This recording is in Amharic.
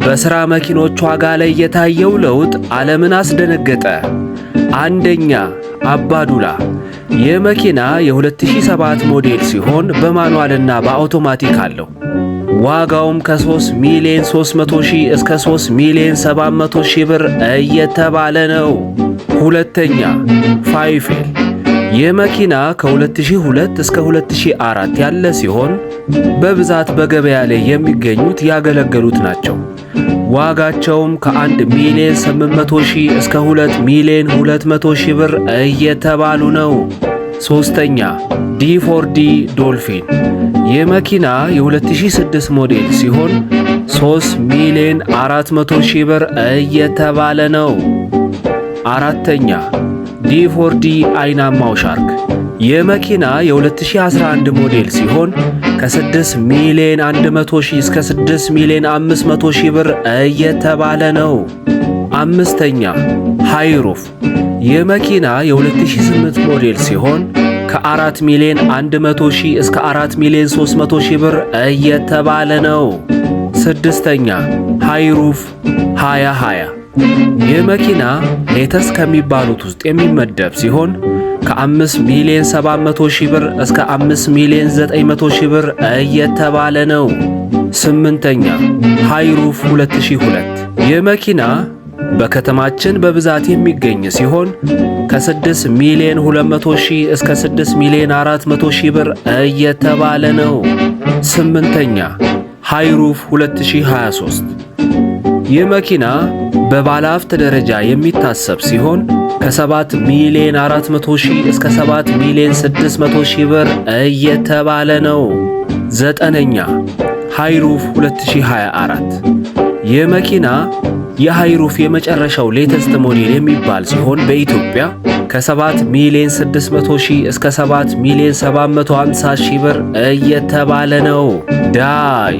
በሥራ መኪኖች ዋጋ ላይ የታየው ለውጥ ዓለምን አስደነገጠ። አንደኛ አባዱላ። ይህ መኪና የ2007 ሞዴል ሲሆን በማኑዋልና በአውቶማቲክ አለው። ዋጋውም ከ3 ሚሊዮን 300 ሺህ እስከ 3 ሚሊዮን 700 ሺህ ብር እየተባለ ነው። ሁለተኛ ፋይፌል። ይህ መኪና ከ2002 እስከ 2004 ያለ ሲሆን በብዛት በገበያ ላይ የሚገኙት ያገለገሉት ናቸው። ዋጋቸውም ከ1 ሚሊዮን 800 ሺህ እስከ 2 ሚሊዮን 200 ሺህ ብር እየተባሉ ነው። ሶስተኛ ዲ 4 ዲ ዶልፊን ይህ መኪና የ2006 ሞዴል ሲሆን 3 ሚሊዮን 400 ሺህ ብር እየተባለ ነው። አራተኛ ዲ 4 ዲ አይናማው ሻርክ ይህ መኪና የ2011 ሞዴል ሲሆን ከ6 ሚሊዮን 100 ሺህ እስከ 6 ሚሊዮን 500 ሺህ ብር እየተባለ ነው። አምስተኛ ሃይሩፍ ይህ መኪና የ2008 ሞዴል ሲሆን ከ4 ሚሊዮን 100 ሺህ እስከ 4 ሚሊዮን 300 ሺህ ብር እየተባለ ነው። ስድስተኛ ሃይሩፍ 2020 ይህ መኪና ሌተስ ከሚባሉት ውስጥ የሚመደብ ሲሆን ከ5 ሚሊዮን 700 ሺህ ብር እስከ 5 ሚሊዮን 900 ሺህ ብር እየተባለ ነው። ስምንተኛ ሃይሩፍ 2002 ይህ መኪና በከተማችን በብዛት የሚገኝ ሲሆን ከ6 ሚሊዮን 200 ሺህ እስከ 6 ሚሊዮን 400 ሺህ ብር እየተባለ ነው። ስምንተኛ ሃይሩፍ 2023 ይህ መኪና በባለሀብት ደረጃ የሚታሰብ ሲሆን ከ7 ሚሊዮን 400 ሺህ እስከ 7 ሚሊዮን 600 ሺህ ብር እየተባለ ነው። ዘጠነኛ ሃይሩፍ 2024 ይህ መኪና የሃይሩፍ የመጨረሻው ሌተስት ሞዴል የሚባል ሲሆን በኢትዮጵያ ከ7 ሚሊዮን 600 ሺህ እስከ 7 ሚሊዮን 750 ሺህ ብር እየተባለ ነው። ዳይ